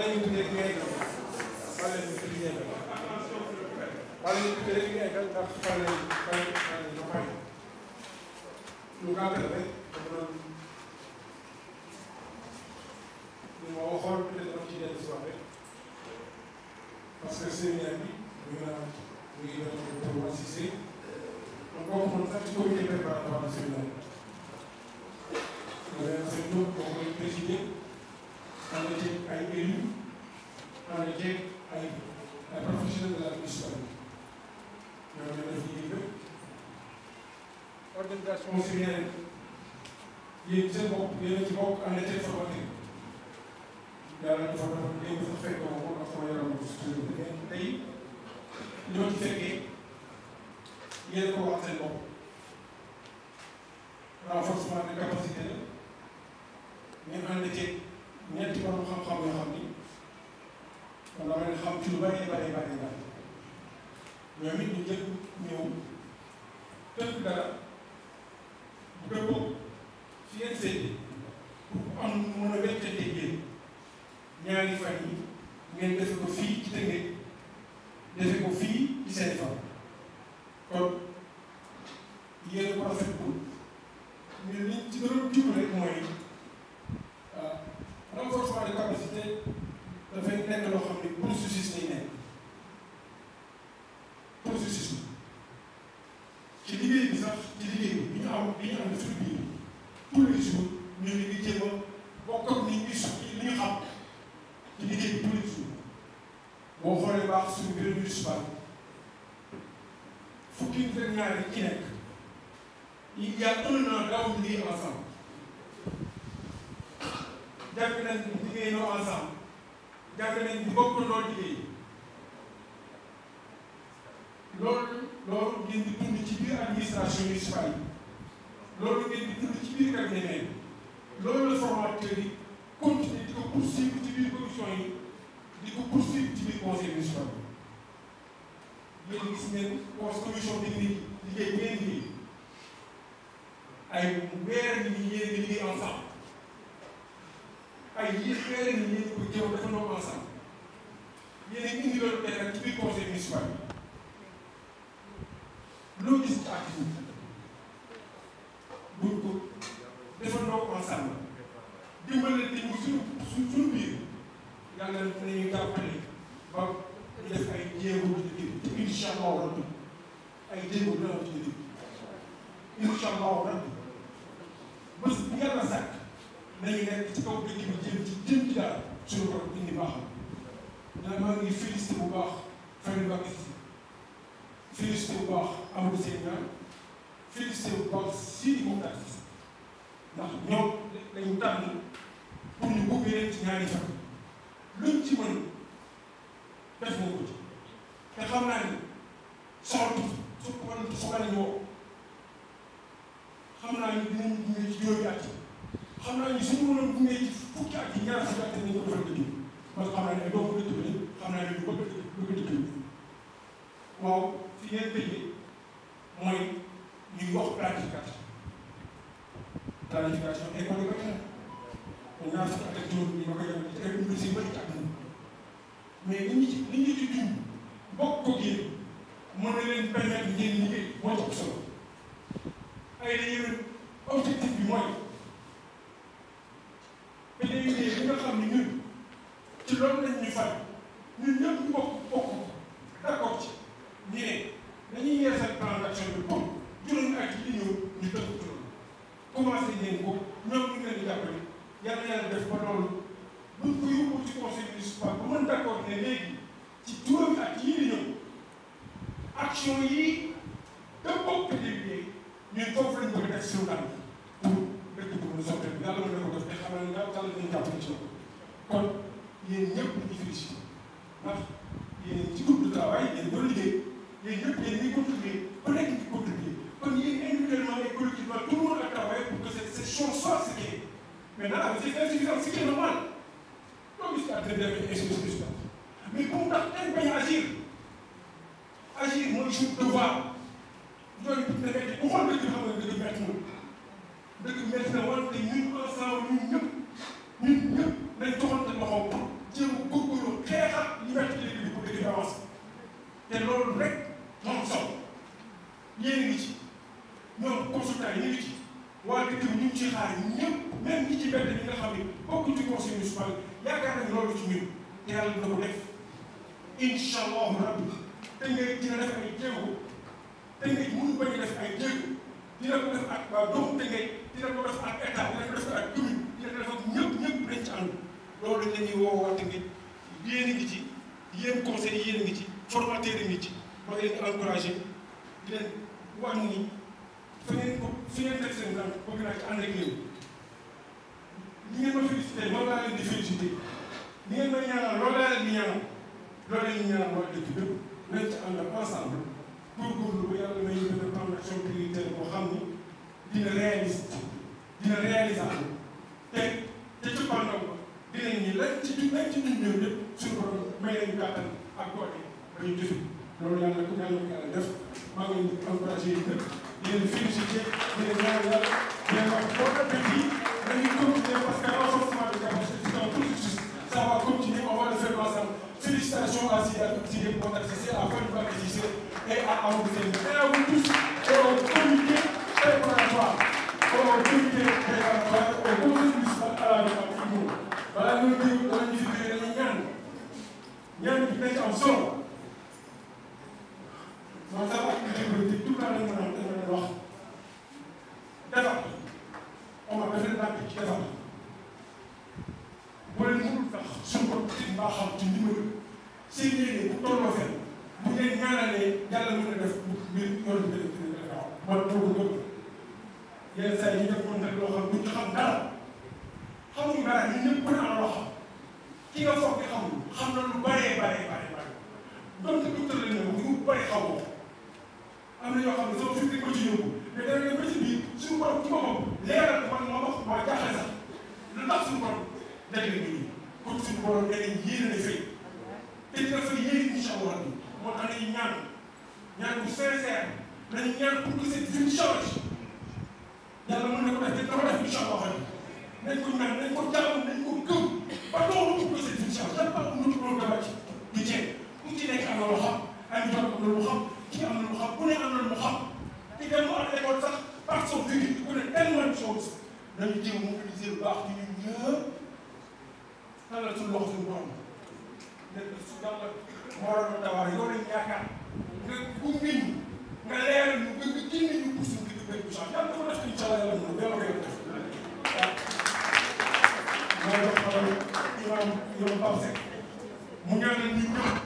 la ñuy tuddee li ngay def fan la ñuy tuddee li ngay def fan la ñuy tuddee li ngay def ndax fan la ñuy fan la ñuy fan la ñuy fay lu gàtt rek dafa doon li ma waxoon peut être ci yenn soirée parce que séminaire bi mu ngi naan mu ngi doon pour assister donc kooku moom sax ci comité préparatoire du séminaire ànd ceeg ay élus ànd ay ay professionnels de l'administration ñoom ñoo def liggéey bépp organisation séminaire yéen seen bopp yéen a ci bokk ànd ceeg formateur yàlla dafa léegi sax fekk na ko ak sama yaram tey ñoo ci fekkee yéen ko wax seen bopp renforcement de ñetti borom xam-xam yoo xam ni kon dama leen xam ci lu bëree bëri bëri bëri ñoom it ñu jël ñëw tënk dara bu dëppoo fi ngeen seetee pour am mën a weccante yéen ñaari fan yi ngeen defe ko fii ci Tëngéej defe ko fii ci seen fan. xam ne dañuy am suñu biir tous les jours ñu ngi jéem a bokk ak nit ñi suñu li ñu xam ci liggéey bi tous les jours boo xoolee baax suñu bureau municipal fukki vétérinaire yi ci nekk il y a un an daaw ñu liggéey ensemble jàng nañ liggéey noo ensemble jàng nañ di bokk noo liggéey loolu loolu ngeen di dund ci biir administration municipale yi loolu ngeen di dund ci biir cabinet bi loolu la formateur yi continuer di ko poursuivre ci biir commission yi di ko poursuivre ci biir conseil municipal bi yéen gis ngeen commission technique liggéey ngeen liggéey ay weer yi yéen di liggéey ensemble ay yéen weer yi yéen ko jëw dafa noo ensemble yéen a indi loolu tey nag ci biir conseil municipal bi loo gis ci activité dimbali nit ñi suñu suñ suñu biir yàlla nañu jàppale ba ñu def ay jéego ci biir incha allahu ay jéego dina am ci biir incha allahu rabbi bés bu yàlla sàkk nañu nekk ci kaw dëkk bi jëm ci jëm ci daal suñu borom indi baaxam ndax maa ngi félicité bu baax Fane Bakis félicité bu baax Amadou Seydina félicité bu baax Sidi Moukhtar ndax ñoom dañu tànn. pour ñu ubbi leen ci ñaari fan luñ ci mën def nga ko ci te xam naa ni soxla su ko wan su ko wane woo xam naa ni dinañ gunge ci juróomi at xam naa ni suñu mënoon gunge ci fukki at yi ñaar fukki at yi dañu ko defal dëkk parce que xam naa ne ay doomu dëkk bi xam naa ne lu bëgg lu bëgg dëkk bi waaw fi ngeen tëjee mooy ñuy wax planification planification école ñaar fukki at ak juróom ma ko yàlla ci ay université ba ak moom mais li ñu ci li ñu ci jub bokk ko kii mën na leen permettre ngeen liggéey moo topp solo ay léegi objectif bi mooy pédologie bi nga xam ne ñun ci loolu lañ ñu fay ñun ñëpp ñu bokk bokk d'accord ci ñu ne dañuy yeesal plan d'action bi comme juróomi at yi di ñëw ñu dëkk juróom commencé ngeen ko ñoom ñu ngi leen di yàlla yàlla def ba loolu buñ ko yóbbu ci conseil municipal bu mën d'accord ne léegi ci juróomi at yii di ñëw action yi da bokk déggee ñun foofu lañ ko def si ndax pour dëkk bu mu soppeeku yàlla mën na ko def te xam ne daal daal dañu jàpp ci kon yéen ñëpp ñu félicité ndax yéen ci guddi taxawaay yéen doon liggéey yéen ñëpp yéen ñuy contribuer ba nekk di contribuer kon yéen Maintenant, avec cette insuffisance, c'est normal. Non, mais c'est à travers les insuffisance. Mais pour tax dañ bañ agir agir mooy suuf devoir ñooñu bu ñu demee ku xool dëgg xam nga dëgg métti na dëgg métti na wante ñun ensemble ñun ñëpp ñun ñëpp nañ joxante loxo jéem a góorgóorlu xeexat li métti ci dëgg bi pour dëgg bi avancer te loolu rek moom solo yéen a ngi ci ñoom consultant yi ñu ngi ci waa dëkk bi ñu ngi ciy xaar même ñi ci mbedd ñi nga xam ne bokkuñ ci conseil municipal yaakaar nañ loolu ci ñun te yàlla dina ko def incha allahu rabbi Tëngéej dina def ay jéego Tëngéej mënu bañ a def ay jéego dina ko def ak waa doomu Tëngéej dina ko def ak état dina ko def ak commune dina ko def ak ñëpp ñëpp dañ ci ànd loolu lañ leen di woo waa Tëngéej yéen a ngi ci yéen conseil yéen a ngi ci formateur yi ngi ci ma leen di encouragé di leen wax ni fa ngeen ko fi ngeen def seen daan bëgg naa ci ànd ak yéen leen di félicité li ngeen may ñaanal loolu laa leen di ñaanal loolu la ñuy ñaanal waa dëkk bépp nañ ci ànd ak ensemble pour góorlu ba yàlla may ñu benn plan d'action prioritaire boo xam ni dina réaliste dina réalisable te te ci pandaw ba dinañ ni lañ ci du lañ ci ñun ñëw ñëpp suñu borom may nañu kàttan ak doole ba ñu jëfe loolu yàlla ko yàlla ko yàlla def maa ngi leen di encouragé yi def di leen félicité di leen ñaanal yàlla di leen wax boo ko defee dañuy continuer à Sidé pour accéder à Fadi pour accéder et à Amadou Seyni. Et à vous tous, et au comité préparatoire, au comité préparatoire, au conseil municipal à la République. balaa ñuy dégg wala ñu fi gën a ñaan ñaan bi dina ci am solo moo tax activité politique tout le temps dañu mën a dañu mën a wax defar on a defar ndànk ci defar bu leen mënul tax suñu bopp ci mbaaxam ci ndimbal seen yéene bu tolloo fenn bu ngeen ñaanalee yàlla mën na def mbir yoon bi dëgg dëgg daaw man boobu dëgg yenn saa yi ñu def moom nag loo xam duñ ci xam dara xamuñu dara ñun ñëpp ku ne am loo xam ki nga foog di xamul xam na lu bëree bëree bëree bëri donc docteur la ñu ñu bëri xamoo am na yoo xam ne sama fi ko ci yóbbu mais da ngay ba ci biir suñu borom ci boppam leeral man moo wax moo jaaxle sax lu tax suñu borom dajale nit ñi kon suñu borom da ngay yéene war bi moo tax nañu ñaan ñaan bu sincère nañu ñaan pour que seen usine change yàlla mën na ko def dafa def mission boo xam ne nañ ko ñaan nañ ko jàmm nañ ko gëm ba doon pour que seen usine change dafa am lu loolu dafa ci di jeex ku ci nekk am na lu xam ay ñu am na lu xam kii am na lu xam ku ne am na lu xam te dem mu am école sax par son vécu ku ne tellement de choses nañu jéem mobiliser bu baax ci ñun ñëpp talal suñu loxo suñu borom nekk su moo doon dawar yow lañ nga gunge nga leeral nga génne ñu pousse ñu di béy bu sax yàlla dafa def incha allah yàlla na ko yàlla def waaw. maa ngi doon xamal imam yow Pape Seck mu ñaanal ñu ñëpp.